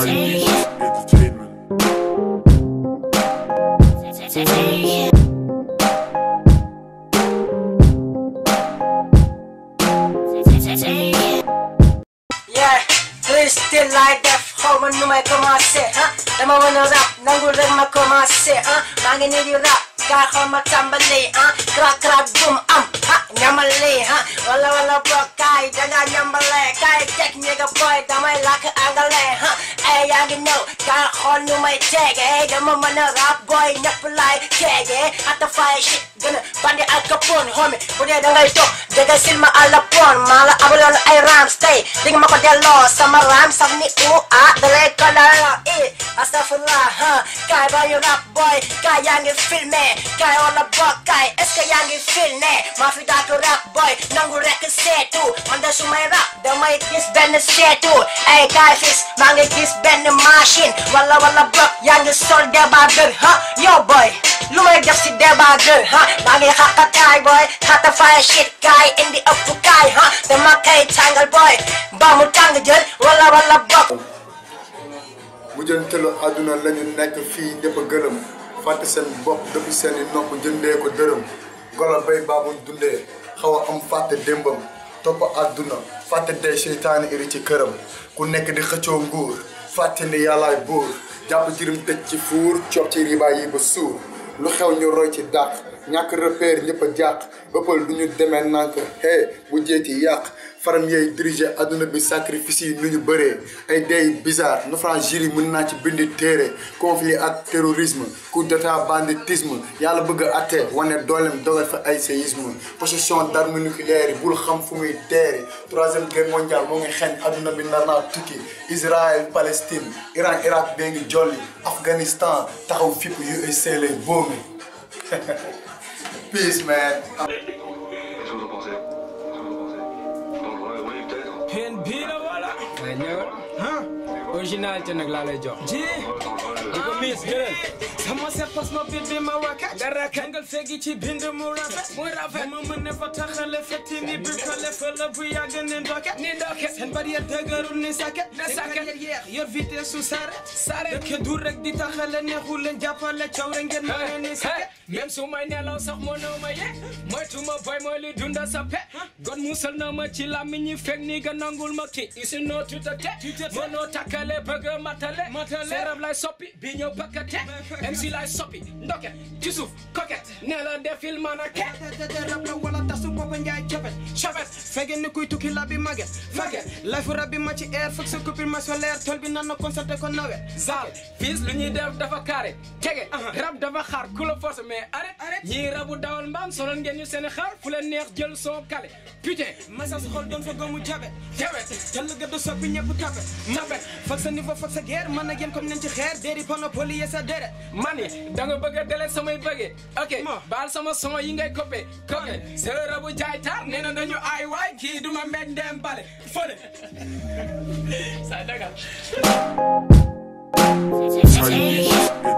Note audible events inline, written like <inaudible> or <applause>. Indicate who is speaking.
Speaker 1: Entertainment. Christian like that home no my kumase ha Nama wano rap nangul rin makumase ha Mangin rap kaho matambali ha Krak boom am ha nyamali ha Wala bro kai daga nyambale Kai tek nigga boy damay laka angale ha 태양이 너가 헌놈의 대게 너만만한 랍보이 너플라이 개게 핫도파이 shit 그는 반대 알카폰 homie 보내던 갈도 내가 실마 알라폰 말라 아블라는 I rhyme stay 네가 막걸리 알로 summer rhyme 삼니 우아 the fly, huh? Guy boy, you rap boy, guy yaa ngi filmé guy on the block guy, est-ce que yaa ngi filmé maa fi boy nangu rek seetu man de su may rap damay gis benn seetu ay guy fis maa ngi benn machine wala wala block yaa ngi sol débat dëgg huh? yo boy lu may def si débat dëgg huh? maa ngi xaqa boy xaqa fire shit guy indi ëpp guy huh? dama kay tàngal boy ba mu tàng jël
Speaker 2: wala wala block mu jëntalu àdduna la ñu nekk fii ñëpp gërëm gëlëm fàtte seen bopp depuis seen nopp jëndee ko dërëm golo bay baabuñ dundee xaw a am fàtte démbam topp àdduna fàtte dee seytaane iri ci këram ku nekk di xëccoo nguur fàtte ni yàllaay buur jàpp jirim tëj ci fuur coob ci ribaay yi ba suur lu xew ñu roy ci dàq ñàkk repère ñëpp a jàq bëppal du ñu demee nànk hey bu jeeti yàq faram yooyu diriger adduna bi sacrifice yi nu ñu bëree ay day nu naufragés yi mën naa ci bind téere conflit ak terrorisme coup d'état banditisme yàlla bëgg a atte wane dooleem dogal fa ay séisme possession d'armes nucléaires yi bul xam fu muy teeri troisième guerre mondiale moo ngi xeeñ adduna bi nar naa tukki Palestine Iran Irak bee ngi jolli Afghanistan taxaw fii USA lay boomi <laughs> peace man. Oui tu wala.
Speaker 3: duko miss gërëm sama set pas ma biir bi ma wàkka dara kangal fegi ci bind mu rafet mu rafet ma mën ne fa taxale fetti ni bi ko lefala bu yàgg ni ndoket ni ndoket seen barrière dëgërul ni saket na saket yor vitesse su saret saret dëkk dur rek di taxale neexul leen jàppale caw rek ngeen mën ni saket même su may nelaw sax mënoo ma yee moytuma boy mooy li dunda sa pe gon musal na ma ci làmmiñ ñi fekk ni nga nangul ma ki isi noo tuta te mënoo takkale bëgg matale matale seerab lay soppi bi ñëw pakate MC lay soppi ndoket ci suuf koket nee la defil man a ket wala tasu boppa njaay capet capet fegeen ni kuy tukki rabbi magget magget life rabbi ma ci air foog sa copine ma solaire Tol bi nan na constaté ko nawet zal Fils lu ñuy def dafa carré tege Rap dafa xaar ku force mais arrête ñii rabu dawal mbam, solon ngeen ñu sene xaar fu neex jël son kale putain message xol don fa goomu jabe jabe jëll gëdd soog bi ñëpp tapé, tapé foog sa niveau foog sa guerre man ak yéen comme nañ ci xeer déeri panopoli ye sa dere mani da nga bëgg a dele samay bëggee ok baal sama son yi ngay coppe coppe sa rabu jay taar nee na dañu ay waay kii duma mbej dem bale fële.